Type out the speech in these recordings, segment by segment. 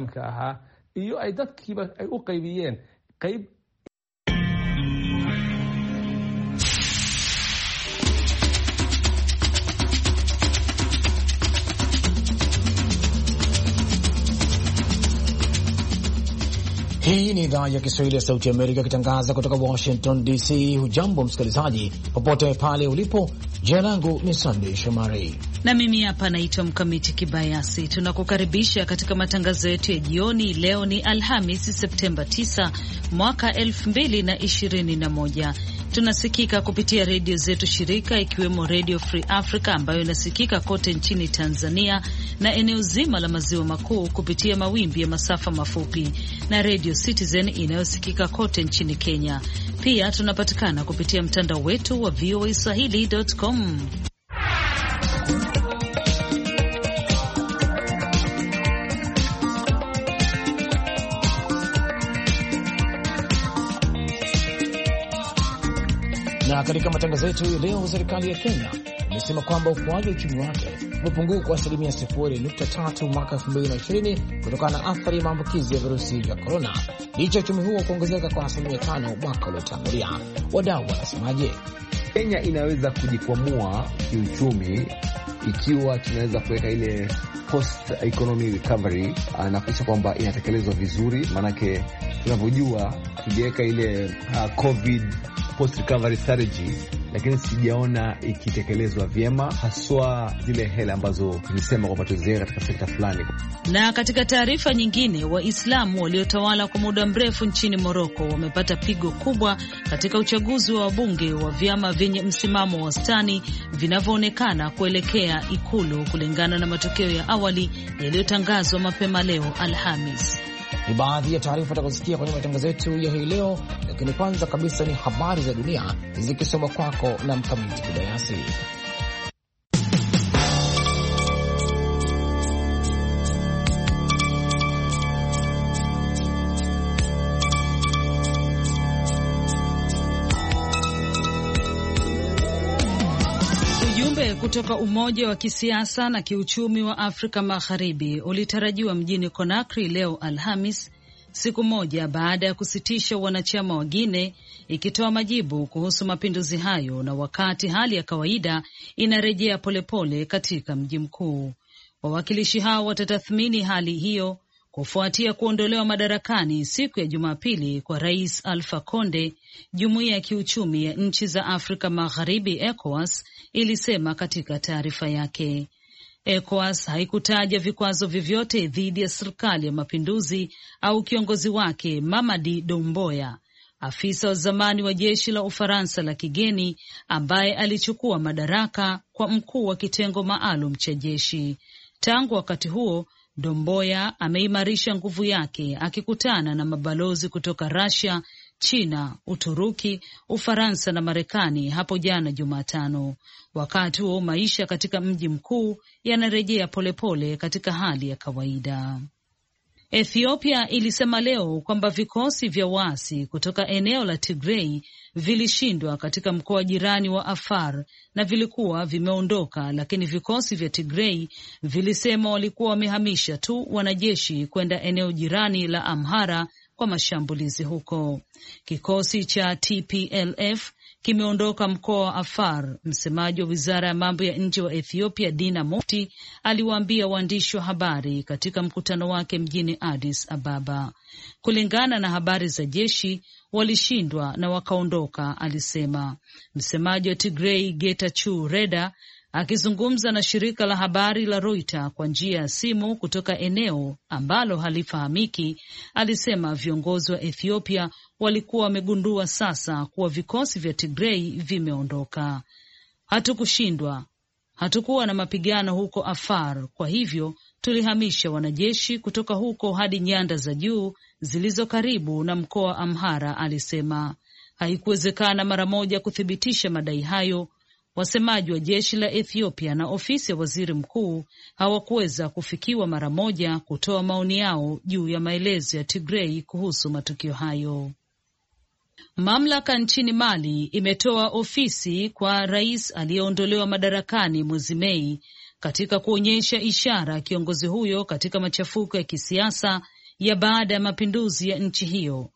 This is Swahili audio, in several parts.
ahaa iyo ay dadkiiba ay u qaybiyeen qayb Hii ni idhaa ya Kiswahili ya Sauti ya Amerika ikitangaza kutoka Washington DC. Hujambo msikilizaji, popote pale ulipo. Jina langu ni Sandey Shomari na mimi hapa naitwa Mkamiti Kibayasi. Tunakukaribisha katika matangazo yetu ya jioni. Leo ni Alhamis, Septemba 9 mwaka 2021. Tunasikika kupitia redio zetu shirika ikiwemo Redio Free Africa ambayo inasikika kote nchini Tanzania na eneo zima la maziwa makuu kupitia mawimbi ya masafa mafupi na Redio Citizen inayosikika kote nchini Kenya. Pia tunapatikana kupitia mtandao wetu wa VOA swahili.com. katika matangazo yetu leo, serikali ya Kenya imesema kwamba ukuaji wa uchumi wake umepungua kwa asilimia 0.3 mwaka 2020 kutokana na athari ya maambukizi ya virusi vya korona, licha ya uchumi huo kuongezeka kwa asilimia 5 mwaka uliotangulia. Wadau wanasemaje? Kenya inaweza kujikwamua kiuchumi ikiwa tunaweza kuweka ile post economy recovery ah, na kuisha kwamba inatekelezwa vizuri, maanake tunavyojua tuliweka ile uh, covid post recovery strategy, lakini sijaona ikitekelezwa vyema, haswa zile hela ambazo zilisema kwamba tuziweka katika sekta fulani. Na katika taarifa nyingine, Waislamu waliotawala kwa muda mrefu nchini Moroko wamepata pigo kubwa katika uchaguzi wa wabunge wa vyama vyenye msimamo wa wastani vinavyoonekana kuelekea Ikulu, kulingana na matokeo ya awali yaliyotangazwa mapema leo Alhamis. Ni baadhi ya taarifa tutakazosikia kwenye matangazo yetu ya hii leo, lakini kwanza kabisa ni habari za dunia zikisoma kwako na Mkamiti Kibayasi. kutoka Umoja wa Kisiasa na Kiuchumi wa Afrika Magharibi ulitarajiwa mjini Conakry leo Alhamis, siku moja baada ya kusitisha wanachama wa ikitoa majibu kuhusu mapinduzi hayo na wakati hali ya kawaida inarejea polepole katika mji mkuu. Wawakilishi hao watatathmini hali hiyo kufuatia kuondolewa madarakani siku ya Jumapili kwa Rais Alfa Conde, jumuiya ya kiuchumi ya nchi za Afrika Magharibi ECOWAS ilisema katika taarifa yake. ECOWAS haikutaja vikwazo vyovyote dhidi ya serikali ya mapinduzi au kiongozi wake Mamadi domboya afisa wa zamani wa jeshi la Ufaransa la kigeni ambaye alichukua madaraka kwa mkuu wa kitengo maalum cha jeshi. Tangu wakati huo Domboya ameimarisha nguvu yake akikutana na mabalozi kutoka Russia, China, Uturuki, Ufaransa na Marekani hapo jana Jumatano. Wakati huo maisha katika mji mkuu yanarejea polepole katika hali ya kawaida. Ethiopia ilisema leo kwamba vikosi vya waasi kutoka eneo la Tigrei vilishindwa katika mkoa jirani wa Afar na vilikuwa vimeondoka, lakini vikosi vya Tigrei vilisema walikuwa wamehamisha tu wanajeshi kwenda eneo jirani la Amhara kwa mashambulizi huko. Kikosi cha TPLF kimeondoka mkoa wa Afar. Msemaji wa wizara ya mambo ya nje wa Ethiopia, Dina Mufti, aliwaambia waandishi wa habari katika mkutano wake mjini Addis Ababa. Kulingana na habari za jeshi, walishindwa na wakaondoka, alisema. Msemaji wa Tigrei, Getachew Reda, Akizungumza na shirika la habari la Reuters kwa njia ya simu kutoka eneo ambalo halifahamiki, alisema viongozi wa Ethiopia walikuwa wamegundua sasa kuwa vikosi vya Tigrei vimeondoka. Hatukushindwa, hatukuwa na mapigano huko Afar, kwa hivyo tulihamisha wanajeshi kutoka huko hadi nyanda za juu zilizo karibu na mkoa Amhara, alisema. Haikuwezekana mara moja kuthibitisha madai hayo Wasemaji wa jeshi la Ethiopia na ofisi ya waziri mkuu hawakuweza kufikiwa mara moja kutoa maoni yao juu ya maelezo ya Tigrei kuhusu matukio hayo. Mamlaka nchini Mali imetoa ofisi kwa rais aliyeondolewa madarakani mwezi Mei katika kuonyesha ishara ya kiongozi huyo katika machafuko ya kisiasa ya baada ya mapinduzi ya nchi hiyo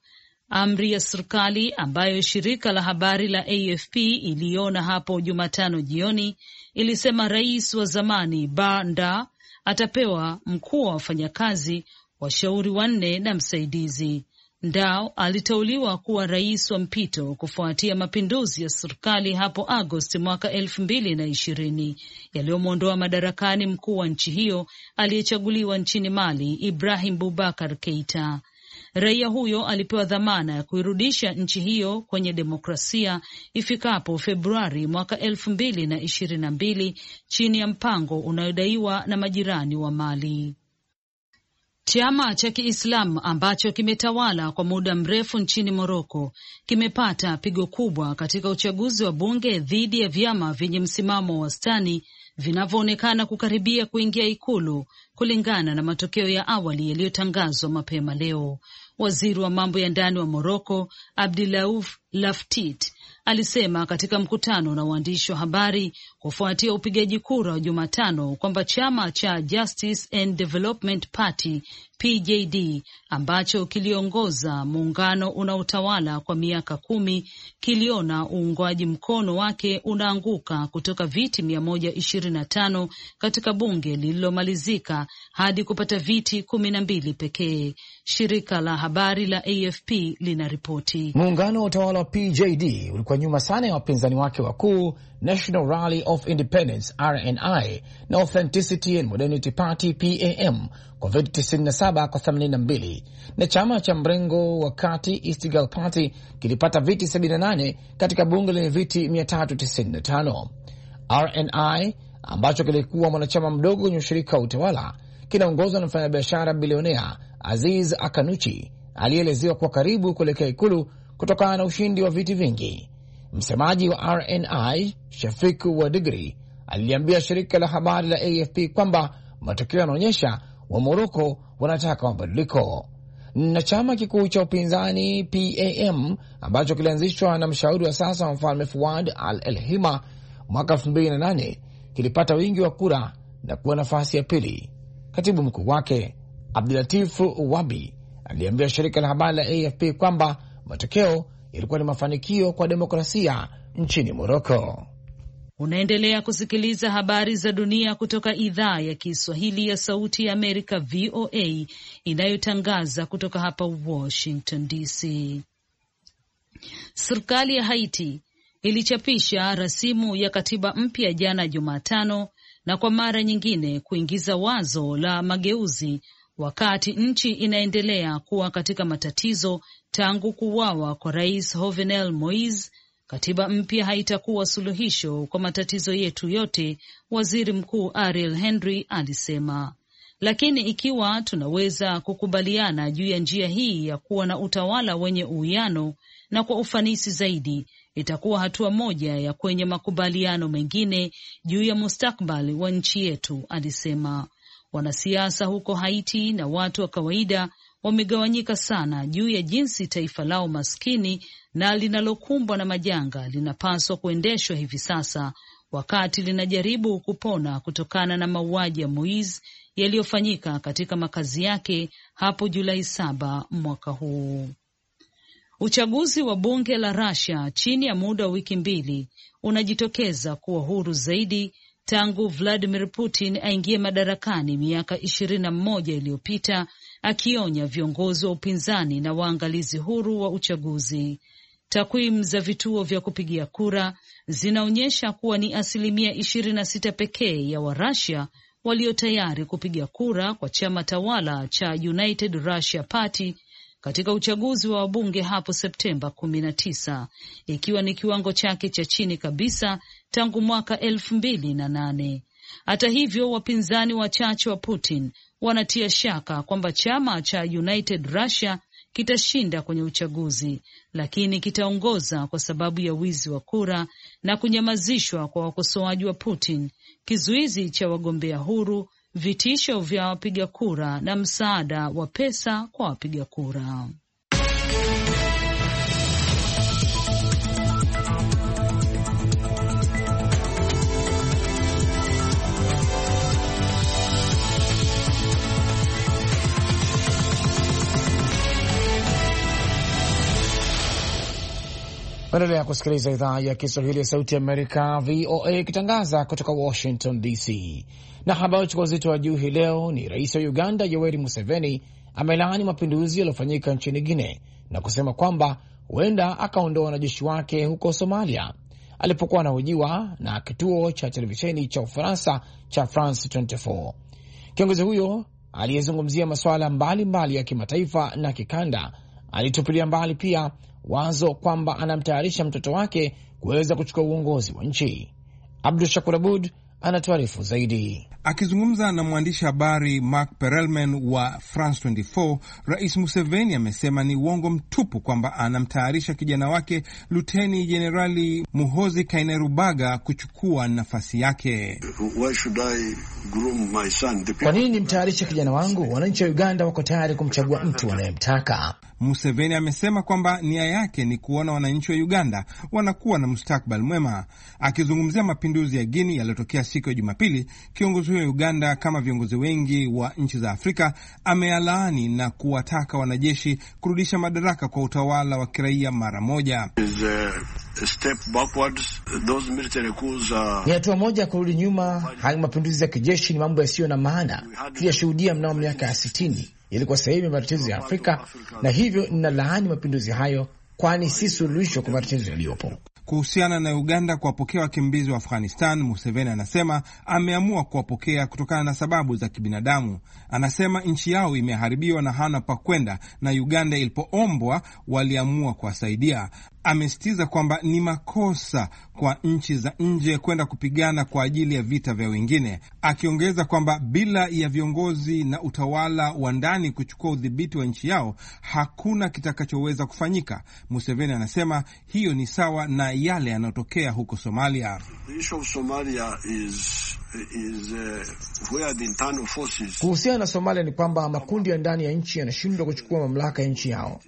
Amri ya serikali ambayo shirika la habari la AFP iliona hapo Jumatano jioni ilisema rais wa zamani Banda atapewa mkuu wa wafanyakazi, washauri wanne na msaidizi. Ndao aliteuliwa kuwa rais wa mpito kufuatia mapinduzi ya serikali hapo Agosti mwaka elfu mbili na ishirini yaliyomwondoa madarakani mkuu wa nchi hiyo aliyechaguliwa nchini Mali, Ibrahim Bubakar Keita. Raia huyo alipewa dhamana ya kuirudisha nchi hiyo kwenye demokrasia ifikapo Februari mwaka elfu mbili na ishirini na mbili chini ya mpango unayodaiwa na majirani wa Mali. Chama cha Kiislamu ambacho kimetawala kwa muda mrefu nchini Moroko kimepata pigo kubwa katika uchaguzi wa bunge dhidi ya vyama vyenye msimamo wa wastani vinavyoonekana kukaribia kuingia ikulu kulingana na matokeo ya awali yaliyotangazwa mapema leo. Waziri wa mambo ya ndani wa Moroko Abdulauf Laftit alisema katika mkutano na waandishi wa habari kufuatia upigaji kura wa Jumatano kwamba chama cha Justice and Development Party PJD ambacho kiliongoza muungano unaotawala kwa miaka kumi kiliona uungwaji mkono wake unaanguka kutoka viti mia moja ishirini na tano katika bunge lililomalizika hadi kupata viti kumi na mbili pekee, shirika la habari la AFP linaripoti. Muungano wa utawala wa PJD ulikuwa nyuma sana ya wapinzani wake wakuu National Rally of Independence RNI na Authenticity and Modernity Party PAM kwa viti 97 kwa 82, na chama cha mrengo wa kati Girl Party kilipata viti 78 katika bunge lenye viti 395. RNI ambacho kilikuwa mwanachama mdogo kwenye ushirika wa utawala kinaongozwa na mfanyabiashara bilionea Aziz Akanuchi aliyeelezewa kuwa karibu kuelekea ikulu kutokana na ushindi wa viti vingi. Msemaji wa RNI Shafiku wa Digri aliliambia shirika la habari la AFP kwamba matokeo yanaonyesha wa Moroko wanataka mabadiliko. Na chama kikuu cha upinzani PAM ambacho kilianzishwa na mshauri wa sasa wa mfalme Fuad Al Elhima mwaka 2008 kilipata wingi wa kura na kuwa nafasi ya pili. Katibu mkuu wake Abdulatifu Wabi aliambia shirika la habari la AFP kwamba matokeo ilikuwa ni mafanikio kwa demokrasia nchini Moroko. Unaendelea kusikiliza habari za dunia kutoka idhaa ya Kiswahili ya Sauti ya Amerika, VOA, inayotangaza kutoka hapa Washington DC. Serikali ya Haiti ilichapisha rasimu ya katiba mpya jana Jumatano na kwa mara nyingine kuingiza wazo la mageuzi wakati nchi inaendelea kuwa katika matatizo tangu kuuawa kwa Rais Jovenel Moise. Katiba mpya haitakuwa suluhisho kwa matatizo yetu yote, Waziri Mkuu Ariel Henry alisema. Lakini ikiwa tunaweza kukubaliana juu ya njia hii ya kuwa na utawala wenye uwiano na kwa ufanisi zaidi, itakuwa hatua moja ya kwenye makubaliano mengine juu ya mustakbali wa nchi yetu, alisema. Wanasiasa huko Haiti na watu wa kawaida wamegawanyika sana juu ya jinsi taifa lao maskini na linalokumbwa na majanga linapaswa kuendeshwa hivi sasa, wakati linajaribu kupona kutokana na mauaji ya Moise yaliyofanyika katika makazi yake hapo Julai saba mwaka huu. Uchaguzi wa bunge la Russia chini ya muda wa wiki mbili unajitokeza kuwa huru zaidi tangu Vladimir Putin aingie madarakani miaka ishirini na mmoja iliyopita, akionya viongozi wa upinzani na waangalizi huru wa uchaguzi. Takwimu za vituo vya kupigia kura zinaonyesha kuwa ni asilimia ishirini na sita pekee ya Warusia walio tayari kupiga kura kwa chama tawala cha United Russia Party katika uchaguzi wa wabunge hapo Septemba 19 ikiwa ni kiwango chake cha chini kabisa tangu mwaka elfu mbili na nane. Hata hivyo, wapinzani wachache wa Putin wanatia shaka kwamba chama cha United Russia kitashinda kwenye uchaguzi, lakini kitaongoza kwa sababu ya wizi wa kura na kunyamazishwa kwa wakosoaji wa Putin, kizuizi cha wagombea huru, vitisho vya wapiga kura na msaada wa pesa kwa wapiga kura. Maendelea kusikiliza idhaa ya Kiswahili ya Sauti ya Amerika, VOA, ikitangaza kutoka Washington DC. Na habari chukua uzito wa juu hii leo ni rais wa Uganda Yoweri Museveni amelaani mapinduzi yaliyofanyika nchini Guine na kusema kwamba huenda akaondoa wanajeshi wake huko Somalia. Alipokuwa anahojiwa na kituo cha televisheni cha Ufaransa cha France 24, kiongozi huyo aliyezungumzia masuala mbalimbali ya kimataifa na kikanda alitupilia mbali pia wazo kwamba anamtayarisha mtoto wake kuweza kuchukua uongozi wa nchi. Abdu Shakur Abud anatuarifu zaidi. Akizungumza na mwandishi habari Mark Perelman wa France 24, Rais Museveni amesema ni uongo mtupu kwamba anamtayarisha kijana wake Luteni Jenerali Muhozi Kainerubaga kuchukua nafasi yake. Kwa nini nimtayarishe kijana wangu? Wananchi wa Uganda wako tayari kumchagua mtu wanayemtaka. Museveni amesema kwamba nia yake ni kuona wananchi wa Uganda wanakuwa na mustakbal mwema. Akizungumzia mapinduzi ya Guini yaliyotokea siku ya Jumapili, kiongozi huyo wa Uganda, kama viongozi wengi wa nchi za Afrika, amealaani na kuwataka wanajeshi kurudisha madaraka kwa utawala wa kiraia mara moja. Uh, step backwards those military coups are... ni hatua moja ya kurudi nyuma. Haya mapinduzi ya kijeshi ni mambo yasiyo na maana tuliyashuhudia mnamo miaka ya sitini, yalikuwa sehemu ya matatizo ya Afrika na hivyo ninalaani mapinduzi hayo, kwani si suluhisho kwa matatizo yaliyopo. Kuhusiana na Uganda kuwapokea wakimbizi wa Afghanistan, Museveni anasema ameamua kuwapokea kutokana na sababu za kibinadamu. Anasema nchi yao imeharibiwa na hana pa kwenda, na Uganda ilipoombwa waliamua kuwasaidia amesitiza kwamba ni makosa kwa nchi za nje kwenda kupigana kwa ajili ya vita vya wengine, akiongeza kwamba bila ya viongozi na utawala wa ndani kuchukua udhibiti wa nchi yao hakuna kitakachoweza kufanyika. Museveni anasema hiyo ni sawa na yale yanayotokea huko Somalia. Uh, Kuhusiana na Somalia ni kwamba makundi ya ndani ya nchi yanashindwa kuchukua mamlaka ya nchi yao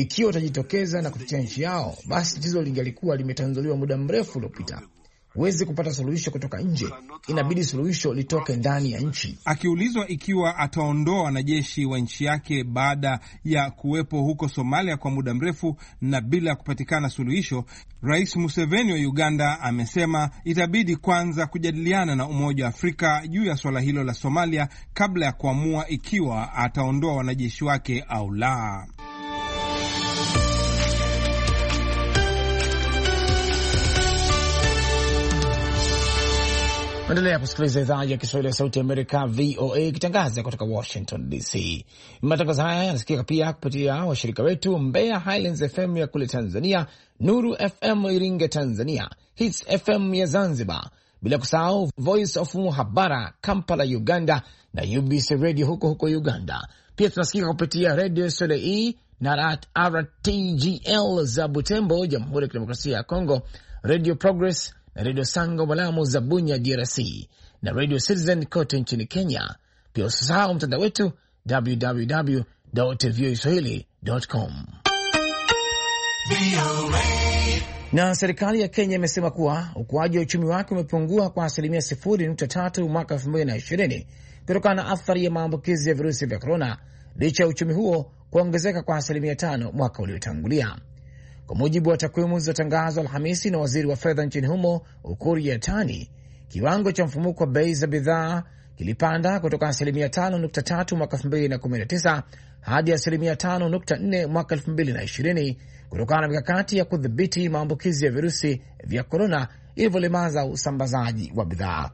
ikiwa watajitokeza na kutetea nchi yao, basi tatizo lingelikuwa limetanzuliwa muda mrefu uliopita. Huwezi kupata suluhisho kutoka nje, inabidi suluhisho litoke ndani ya nchi. Akiulizwa ikiwa ataondoa wanajeshi wa nchi yake baada ya kuwepo huko Somalia kwa muda mrefu na bila ya kupatikana suluhisho, Rais Museveni wa Uganda amesema itabidi kwanza kujadiliana na Umoja wa Afrika juu ya suala hilo la Somalia kabla ya kuamua ikiwa ataondoa wanajeshi wake au la. Endelea kusikiliza idhaa ya Kiswahili ya Sauti ya Amerika, VOA, ikitangaza kutoka Washington DC. Matangazo haya yanasikika pia kupitia washirika wetu Mbeya Highlands FM ya kule Tanzania, Nuru FM iringe Tanzania, Hits FM ya Zanzibar, bila kusahau Voice of Muhabara Kampala Uganda na UBC Radio huko huko Uganda. Pia tunasikika kupitia redio Soleil na RTGL za Butembo, Jamhuri ya Kidemokrasia ya Kongo, Radio Progress na redio Sango Malamu za Bunya, DRC, na redio Citizen kote nchini Kenya. Pia usisahau mtandao wetu www voa swahili com. Na serikali ya Kenya imesema kuwa ukuaji wa uchumi wake umepungua kwa asilimia 0.3 mwaka 2020 kutokana na athari ya maambukizi ya virusi vya korona, licha ya uchumi huo kuongezeka kwa asilimia 5 mwaka uliotangulia. Kwa mujibu wa takwimu zilizotangazwa Alhamisi na waziri wa fedha nchini humo Ukur Yatani, kiwango cha mfumuko wa bei za bidhaa kilipanda kutoka asilimia 5.3 mwaka 2019 hadi asilimia 5.4 mwaka 2020 kutokana na mikakati ya kudhibiti maambukizi ya virusi vya korona ilivyolemaza usambazaji wa bidhaa.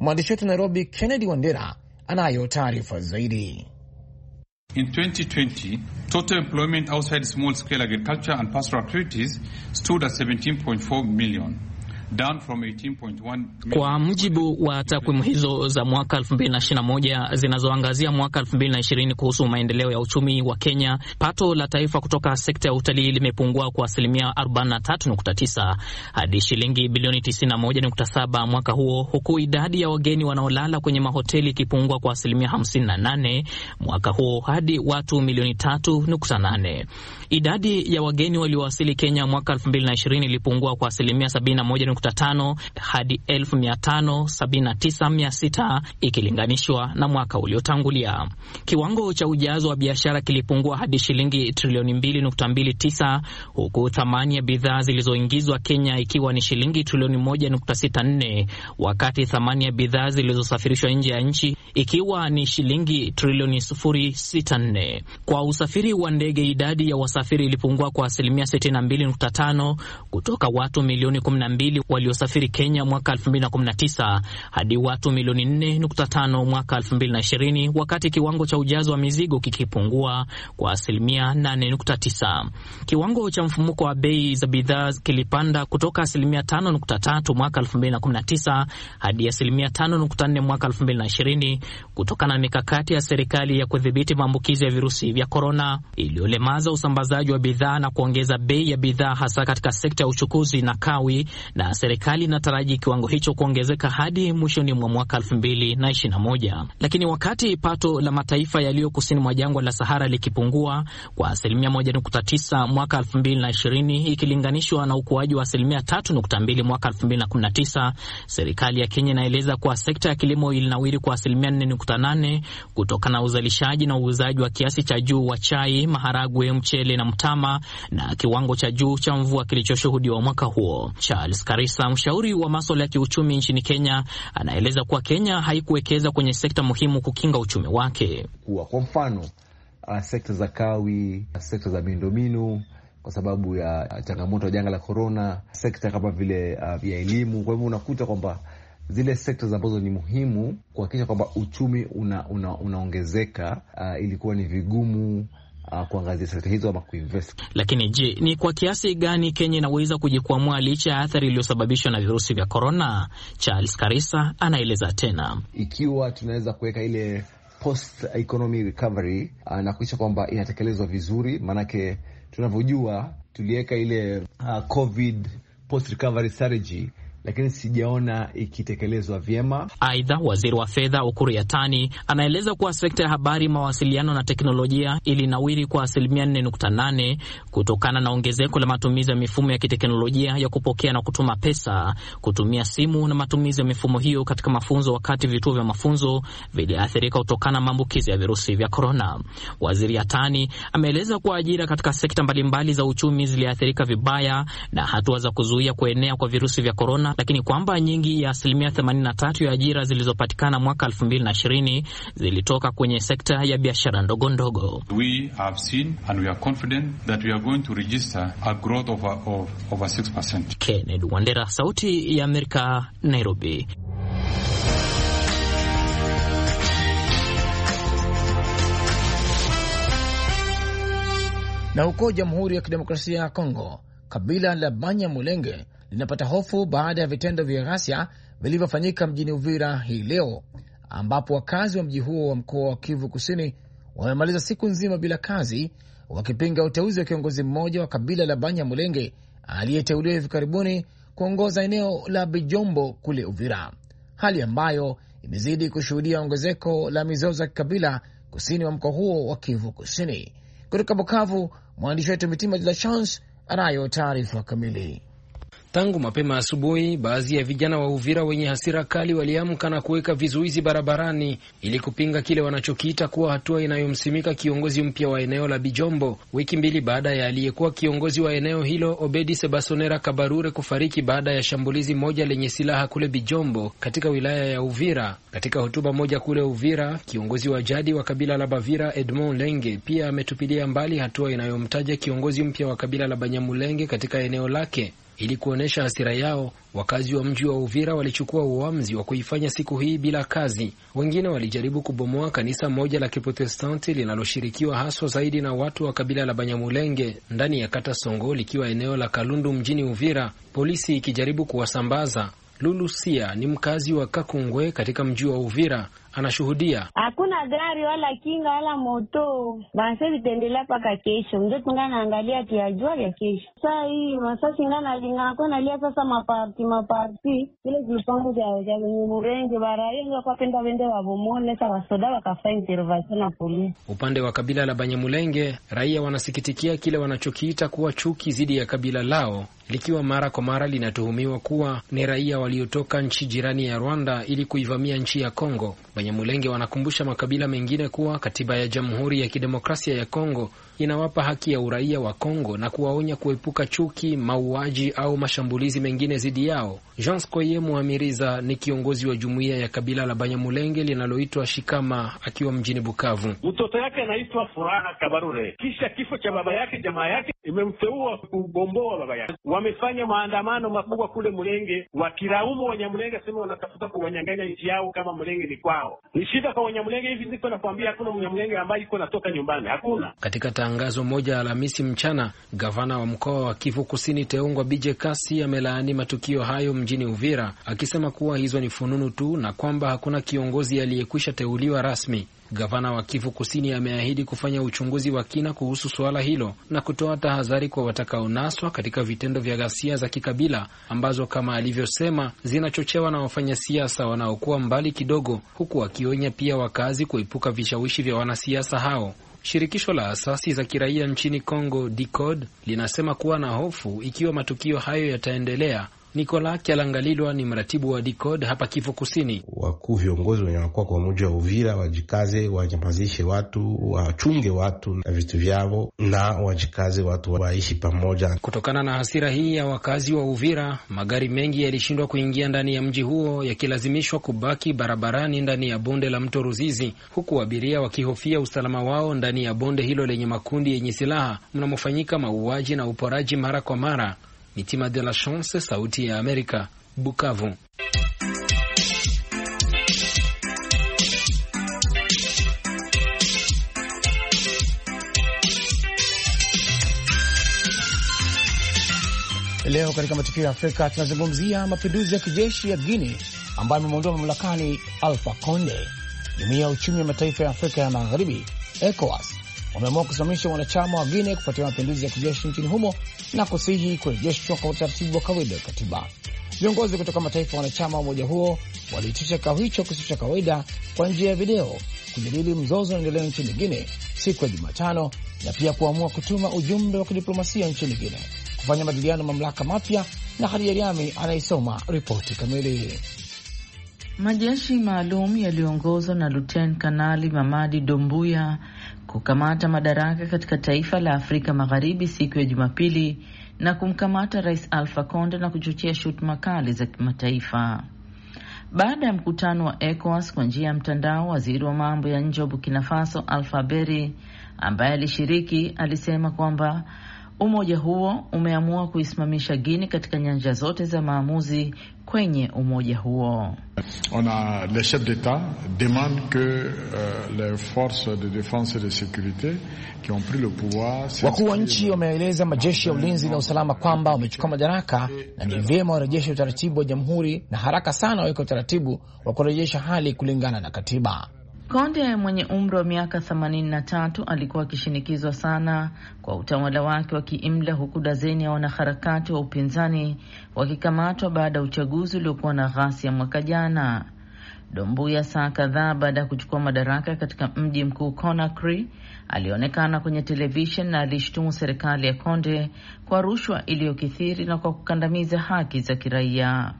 Mwandishi wetu Nairobi, Kennedy Wandera, anayo taarifa zaidi. In 2020, total employment outside small-scale agriculture and pastoral activities stood at 17.4 million. Down from 18.1... Kwa mujibu wa takwimu hizo za mwaka 2021 zinazoangazia mwaka 2020 kuhusu maendeleo ya uchumi wa Kenya, pato la taifa kutoka sekta ya utalii limepungua kwa asilimia 43.9 hadi shilingi bilioni 91.7 mwaka huo, huku idadi ya wageni wanaolala kwenye mahoteli ikipungua kwa asilimia 58 mwaka huo hadi watu milioni 3.8. Idadi ya wageni waliowasili Kenya mwaka 2020 ilipungua kwa asilimia 71 9.5 hadi ikilinganishwa na mwaka uliotangulia. Kiwango cha ujazo wa biashara kilipungua hadi shilingi trilioni 2.29 huku thamani ya bidhaa zilizoingizwa Kenya ikiwa ni shilingi trilioni 1.64 wakati thamani ya bidhaa zilizosafirishwa nje ya nchi ikiwa ni shilingi trilioni 64 Kwa usafiri wa ndege, idadi ya wasafiri ilipungua kwa asilimia 62.5 kutoka watu milioni 12 waliosafiri Kenya mwaka 2019 hadi watu milioni 4.5 mwaka 2020, wakati kiwango cha ujazo wa mizigo kikipungua kwa asilimia 8.9. Kiwango cha mfumuko wa bei za bidhaa kilipanda kutoka asilimia 5.3 mwaka 2019 hadi asilimia 5.4 mwaka 2020 kutokana na mikakati ya serikali ya kudhibiti maambukizi ya virusi vya korona iliyolemaza usambazaji wa bidhaa na kuongeza bei ya bidhaa hasa katika sekta ya uchukuzi na kawi na serikali inataraji kiwango hicho kuongezeka hadi mwishoni mwa mwaka 2021. Lakini wakati pato la mataifa yaliyo kusini mwa jangwa la Sahara likipungua kwa asilimia 1.9 mwaka 2020 ikilinganishwa na ukuaji wa asilimia 3.2 mwaka 2019, serikali ya Kenya inaeleza kuwa sekta ya kilimo ilinawiri kwa asilimia 4.8 kutokana na uzalishaji na uuzaji wa kiasi cha juu wa chai, maharagwe, mchele na mtama na kiwango cha juu cha mvua kilichoshuhudiwa mwaka huo. Charles Karisa, mshauri wa maswala ya kiuchumi nchini Kenya, anaeleza kuwa Kenya haikuwekeza kwenye sekta muhimu kukinga uchumi wake. Kwa mfano, uh, sekta za kawi, sekta za miundombinu kwa sababu ya uh, changamoto ya janga la korona, sekta kama vile uh, elimu. Kwa hivyo unakuta kwamba zile sekta ambazo ni muhimu kuhakikisha kwamba uchumi unaongezeka una, una uh, ilikuwa ni vigumu uh, kuangazia sekta hizo ama kuinvest. Lakini je, ni kwa kiasi gani Kenya inaweza kujikwamua licha ya athari iliyosababishwa na virusi vya korona? Charles Karisa anaeleza tena. Ikiwa tunaweza kuweka ile post economy recovery uh, na kuisha kwamba inatekelezwa vizuri, maanake tunavyojua tuliweka ile uh, covid post recovery strategy lakini sijaona ikitekelezwa vyema. Aidha, waziri wa fedha Ukuru Yatani anaeleza kuwa sekta ya habari, mawasiliano na teknolojia ilinawiri kwa asilimia 4.8 kutokana na ongezeko la matumizi ya mifumo ya kiteknolojia ya kupokea na kutuma pesa kutumia simu na matumizi ya mifumo hiyo katika mafunzo, wakati vituo vya mafunzo viliathirika kutokana na maambukizi ya virusi vya korona. Waziri Yatani ameeleza kuwa ajira katika sekta mbalimbali za uchumi ziliathirika vibaya na hatua za kuzuia kuenea kwa virusi vya korona lakini kwamba nyingi ya asilimia 83 ya ajira zilizopatikana mwaka 2020 zilitoka kwenye sekta ya biashara ndogo ndogo. Wandera, Sauti ya Amerika, Nairobi. Na huko Jamhuri ya Kidemokrasia ya Kongo, kabila la Banya Mulenge linapata hofu baada ya vitendo vya ghasia vilivyofanyika mjini Uvira hii leo, ambapo wakazi wa mji huo wa mkoa wa Kivu Kusini wamemaliza siku nzima bila kazi wakipinga uteuzi wa kiongozi mmoja wa kabila la mulenge aliyeteuliwa hivi karibuni kuongoza eneo la Bijombo kule Uvira, hali ambayo imezidi kushuhudia ongezeko la mizozo ya kikabila kusini wa mkoa huo wa Kivu Kusini. Kutoka Bukavu, mwandishi wetu Mitima De La Chance anayo taarifa kamili. Tangu mapema asubuhi, baadhi ya vijana wa Uvira wenye hasira kali waliamka na kuweka vizuizi barabarani ili kupinga kile wanachokiita kuwa hatua inayomsimika kiongozi mpya wa eneo la Bijombo, wiki mbili baada ya aliyekuwa kiongozi wa eneo hilo Obedi Sebasonera Kabarure kufariki baada ya shambulizi moja lenye silaha kule Bijombo katika wilaya ya Uvira. Katika hotuba moja kule Uvira, kiongozi wa jadi wa kabila la Bavira Edmond Lenge pia ametupilia mbali hatua inayomtaja kiongozi mpya wa kabila la Banyamulenge katika eneo lake. Ili kuonyesha hasira yao, wakazi wa mji wa Uvira walichukua uamuzi wa kuifanya siku hii bila kazi. Wengine walijaribu kubomoa kanisa moja la Kiprotestanti linaloshirikiwa haswa zaidi na watu wa kabila la Banyamulenge ndani ya kata Songo, likiwa eneo la Kalundu mjini Uvira, polisi ikijaribu kuwasambaza. Lulusia ni mkazi wa Kakungwe katika mji wa Uvira anashuhudia. Hakuna gari wala kinga wala moto, basi vitaendelea mpaka kesho. Mzee tunga naangalia tiajua vya kesho. Saa hii masasi nganalingana ko nalia sasa, maparti maparti vile vipango vya venye murenge baraiyo kwapenda vende wavomone sa wasoda wakafaa intervention na polisi. Upande wa kabila la Banyamulenge, raia wanasikitikia kile wanachokiita kuwa chuki dhidi ya kabila lao likiwa mara kwa mara linatuhumiwa kuwa ni raia waliotoka nchi jirani ya Rwanda ili kuivamia nchi ya Kongo. Banyamulenge wanakumbusha makabila mengine kuwa katiba ya Jamhuri ya Kidemokrasia ya Kongo inawapa haki ya uraia wa Kongo na kuwaonya kuepuka chuki, mauaji au mashambulizi mengine dhidi yao. Jean Scoye Muamiriza ni kiongozi wa jumuiya ya kabila la Banyamulenge linaloitwa Shikama akiwa mjini Bukavu. Mtoto yake anaitwa Furaha Kabarure kisha kifo cha baba yake, jamaa yake imemteua kugomboa baba yake. Wamefanya maandamano makubwa kule Mlenge, wakilaumu Wanyamlenge sema wanatafuta kuwanyang'anya nchi yao kama Mlenge ni kwao. Ni shida kwa Wanyamlenge hivi na nakwambia, hakuna Mnyamlenge ambaye iko natoka nyumbani, hakuna. Katika tangazo moja Alhamisi mchana, gavana wa mkoa wa Kivu Kusini Teungwa Bije Kasi amelaani matukio hayo mjini Uvira, akisema kuwa hizo ni fununu tu na kwamba hakuna kiongozi aliyekwisha teuliwa rasmi. Gavana wa Kivu Kusini ameahidi kufanya uchunguzi wa kina kuhusu suala hilo na kutoa tahadhari kwa watakaonaswa katika vitendo vya ghasia za kikabila ambazo kama alivyosema zinachochewa na wafanyasiasa wanaokuwa mbali kidogo, huku akionya pia wakazi kuepuka vishawishi vya wanasiasa hao. Shirikisho la asasi za kiraia nchini congo DICOD, linasema kuwa na hofu ikiwa matukio hayo yataendelea Nicolas Kialangalilwa ni mratibu wa DICOD hapa Kivu Kusini. Wakuu viongozi wenye wakuwa kwa muji wa Uvira wajikaze, wanyamazishe watu, wachunge watu na vitu vyavo, na wajikaze watu waishi pamoja. Kutokana na hasira hii ya wakazi wa Uvira, magari mengi yalishindwa kuingia ndani ya mji huo yakilazimishwa kubaki barabarani ndani ya bonde la mto Ruzizi, huku abiria wakihofia usalama wao ndani ya bonde hilo lenye makundi yenye silaha mnamofanyika mauaji na uporaji mara kwa mara. Mitima de la Chance, Sauti ya Amerika, Bukavu. Leo katika matukio ya Afrika tunazungumzia mapinduzi ya kijeshi ya Guine ambayo imemondoa mamlakani Alfa Conde. Jumuiya ya uchumi wa mataifa ya Afrika ya Magharibi, ECOWAS, wameamua kusimamisha wanachama wa Guine kufuatia mapinduzi ya kijeshi nchini humo na kusihi kurejeshwa kwa utaratibu wa kawaida wa katiba. Viongozi kutoka mataifa wanachama wa umoja huo waliitisha kikao hicho kisicho cha kawaida kwa njia ya video kujadili mzozo unaendelea nchini Guine siku ya Jumatano na pia kuamua kutuma ujumbe wa kidiplomasia nchini Guine kufanya majadiliano mamlaka mapya. Na Hadija Riami anayesoma ripoti kamili. Majeshi maalum yaliyoongozwa na Luten Kanali Mamadi Dombuya kukamata madaraka katika taifa la Afrika Magharibi siku ya Jumapili na kumkamata Rais Alpha Conde na kuchochea shutuma kali za kimataifa. Baada ya mkutano wa ECOWAS kwa njia ya mtandao, waziri wa mambo ya nje wa Burkina Faso Alpha Beri ambaye alishiriki alisema kwamba Umoja huo umeamua kuisimamisha Guinea katika nyanja zote za maamuzi kwenye umoja huo. On a le chef d'etat demande que uh, les forces de defense et de sécurité qui ont pris le pouvoir. Wakuu wa nchi wameeleza majeshi ya ulinzi na usalama kwamba wamechukua madaraka na ni vyema warejeshe utaratibu wa jamhuri na haraka sana waweke utaratibu wa kurejesha hali kulingana na katiba. Konde mwenye umri wa miaka 83 alikuwa akishinikizwa sana kwa utawala wake wa kiimla huku dazeni ya wanaharakati wa upinzani wakikamatwa baada ya uchaguzi uliokuwa na ghasia mwaka jana. Dombuya, saa kadhaa baada ya kuchukua madaraka katika mji mkuu Conakry, alionekana kwenye televishen na alishutumu serikali ya Konde kwa rushwa iliyokithiri na kwa kukandamiza haki za kiraia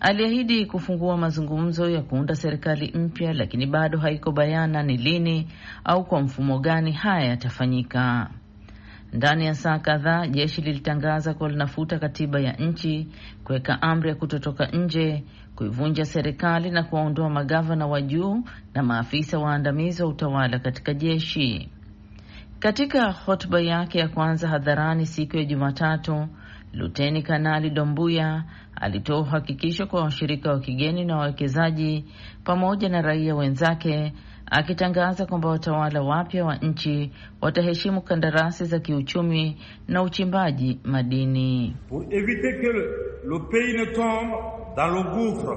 aliahidi kufungua mazungumzo ya kuunda serikali mpya, lakini bado haiko bayana ni lini au kwa mfumo gani haya yatafanyika. Ndani ya saa kadhaa jeshi lilitangaza kuwa linafuta katiba ya nchi, kuweka amri ya kutotoka nje, kuivunja serikali na kuwaondoa magavana wa juu na maafisa waandamizi wa utawala katika jeshi. Katika hotuba yake ya kwanza hadharani siku ya Jumatatu, Luteni Kanali Dombuya alitoa uhakikisho kwa washirika wa kigeni na wawekezaji pamoja na raia wenzake, akitangaza kwamba watawala wapya wa nchi wataheshimu kandarasi za kiuchumi na uchimbaji madini pour eviter que le pays ne tombe dans le gouffre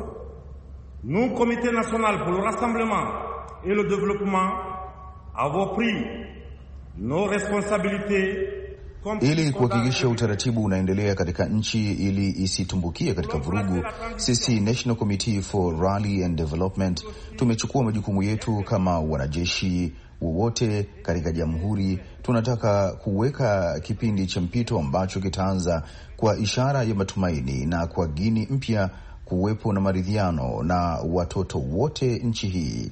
nous comité national pour le rassemblement et le développement avons pris nos responsabilités ili kuhakikisha utaratibu unaendelea katika nchi ili isitumbukie katika vurugu, sisi National Committee for Rally and Development tumechukua majukumu yetu kama wanajeshi wowote katika jamhuri. Tunataka kuweka kipindi cha mpito ambacho kitaanza kwa ishara ya matumaini na kwa Gini mpya kuwepo na maridhiano na watoto wote nchi hii.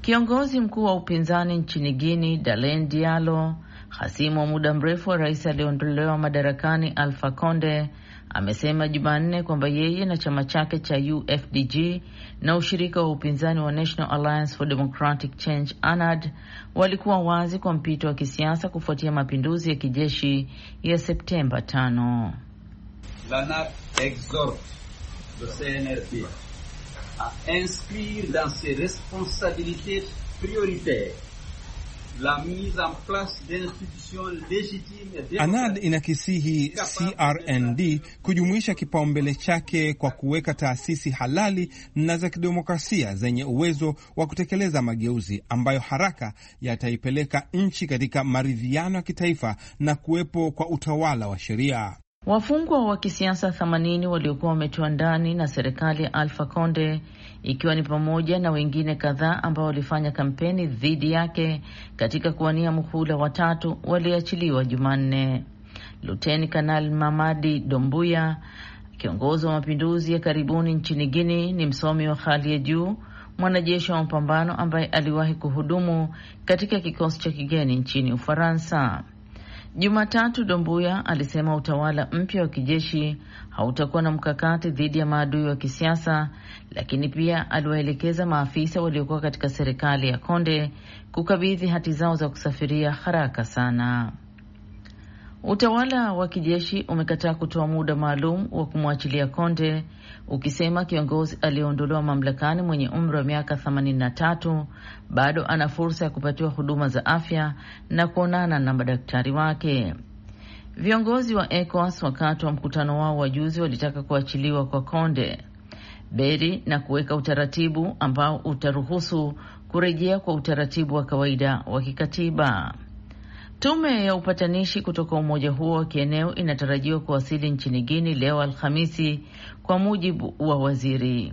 Kiongozi mkuu wa upinzani nchini guini Dalen Dialo Hasimu wa muda mrefu wa rais aliyeondolewa madarakani Alpha Conde amesema Jumanne kwamba yeye na chama chake cha UFDG na ushirika wa upinzani wa National Alliance for Democratic Change ANAD walikuwa wazi kwa mpito wa kisiasa kufuatia mapinduzi ya kijeshi ya Septemba 5. inscrire dans ses responsabilités prioritaires Anad inakisihi CRND kujumuisha kipaumbele chake kwa kuweka taasisi halali na za kidemokrasia zenye uwezo wa kutekeleza mageuzi ambayo haraka yataipeleka nchi katika maridhiano ya kitaifa na kuwepo kwa utawala wa sheria. Wafungwa wa kisiasa 80 waliokuwa wametiwa ndani na serikali ya alfa Conde ikiwa ni pamoja na wengine kadhaa ambao walifanya kampeni dhidi yake katika kuwania muhula watatu waliachiliwa Jumanne. Luteni Kanali Mamadi Dombuya, kiongozi wa mapinduzi ya karibuni nchini Guinea, ni msomi wa hali ya juu, mwanajeshi wa mapambano ambaye aliwahi kuhudumu katika kikosi cha kigeni nchini Ufaransa. Jumatatu Dombuya alisema utawala mpya wa kijeshi hautakuwa na mkakati dhidi ya maadui wa kisiasa, lakini pia aliwaelekeza maafisa waliokuwa katika serikali ya Konde kukabidhi hati zao za kusafiria haraka sana. Utawala wa kijeshi umekataa kutoa muda maalum wa kumwachilia Konde, ukisema kiongozi aliyeondolewa mamlakani mwenye umri wa miaka 83 bado ana fursa ya kupatiwa huduma za afya na kuonana na madaktari wake. Viongozi wa ECOWAS wakati wa mkutano wao wa juzi walitaka kuachiliwa kwa Konde Beri na kuweka utaratibu ambao utaruhusu kurejea kwa utaratibu wa kawaida wa kikatiba. Tume ya upatanishi kutoka umoja huo wa kieneo inatarajiwa kuwasili nchini Guini leo Alhamisi, kwa mujibu wa waziri.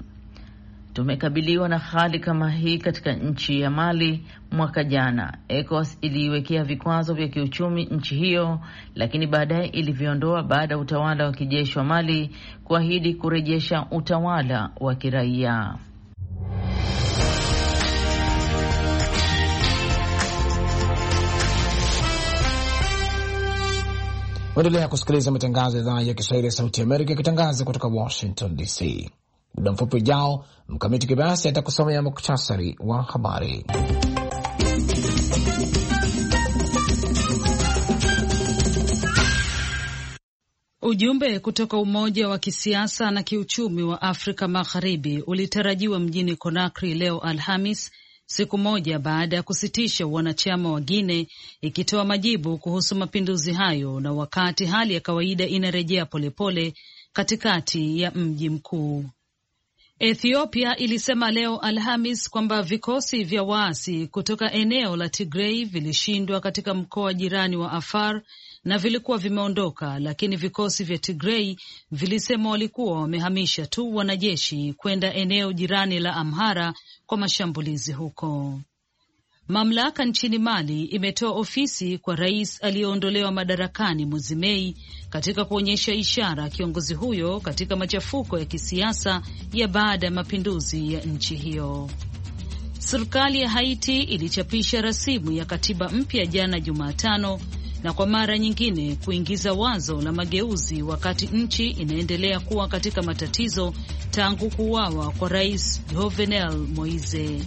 Tumekabiliwa na hali kama hii katika nchi ya Mali mwaka jana. ECOWAS iliiwekea vikwazo vya kiuchumi nchi hiyo, lakini baadaye ilivyoondoa baada ya utawala wa kijeshi wa Mali kuahidi kurejesha utawala wa kiraia. Unaendelea kusikiliza matangazo ya idhaa ya Kiswahili ya Sauti Amerika ikitangaza kutoka Washington DC. Muda mfupi ujao, Mkamiti Kibayasi atakusomea muktasari wa habari. Ujumbe kutoka Umoja wa kisiasa na kiuchumi wa Afrika Magharibi ulitarajiwa mjini Conakry leo Alhamis siku moja baada ya kusitisha wanachama wa Guinea ikitoa majibu kuhusu mapinduzi hayo na wakati hali ya kawaida inarejea polepole katikati ya mji mkuu. Ethiopia ilisema leo Alhamis kwamba vikosi vya waasi kutoka eneo la Tigrei vilishindwa katika mkoa jirani wa Afar na vilikuwa vimeondoka, lakini vikosi vya Tigrei vilisema walikuwa wamehamisha tu wanajeshi kwenda eneo jirani la Amhara kwa mashambulizi huko. Mamlaka nchini Mali imetoa ofisi kwa rais aliyeondolewa madarakani mwezi Mei katika kuonyesha ishara kiongozi huyo katika machafuko ya kisiasa ya baada ya mapinduzi ya nchi hiyo. Serikali ya Haiti ilichapisha rasimu ya katiba mpya jana Jumatano na kwa mara nyingine kuingiza wazo la mageuzi wakati nchi inaendelea kuwa katika matatizo tangu kuuawa kwa Rais Jovenel Moise.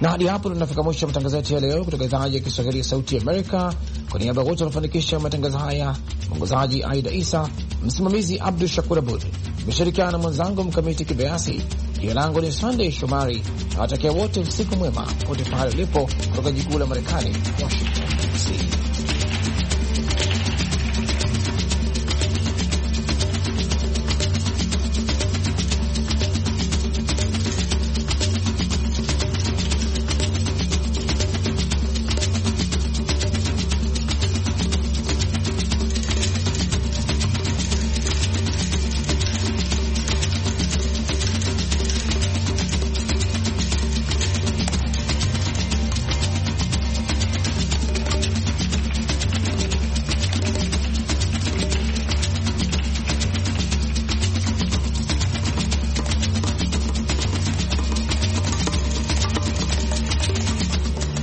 Na hadi hapo tunafika mwisho wa matangazo yetu ya leo kutoka idhaa ya Kiswahili ya Sauti Amerika. Kwa niaba ya wote wanafanikisha matangazo haya, mwongozaji Aida Isa, msimamizi Abdu Shakur Abud, imeshirikiana na mwenzangu Mkamiti Kibayasi. Jina langu ni Sunday Shomari, nawatakia wote usiku mwema pote pahali ulipo, kutoka jikuu la Marekani, Washington.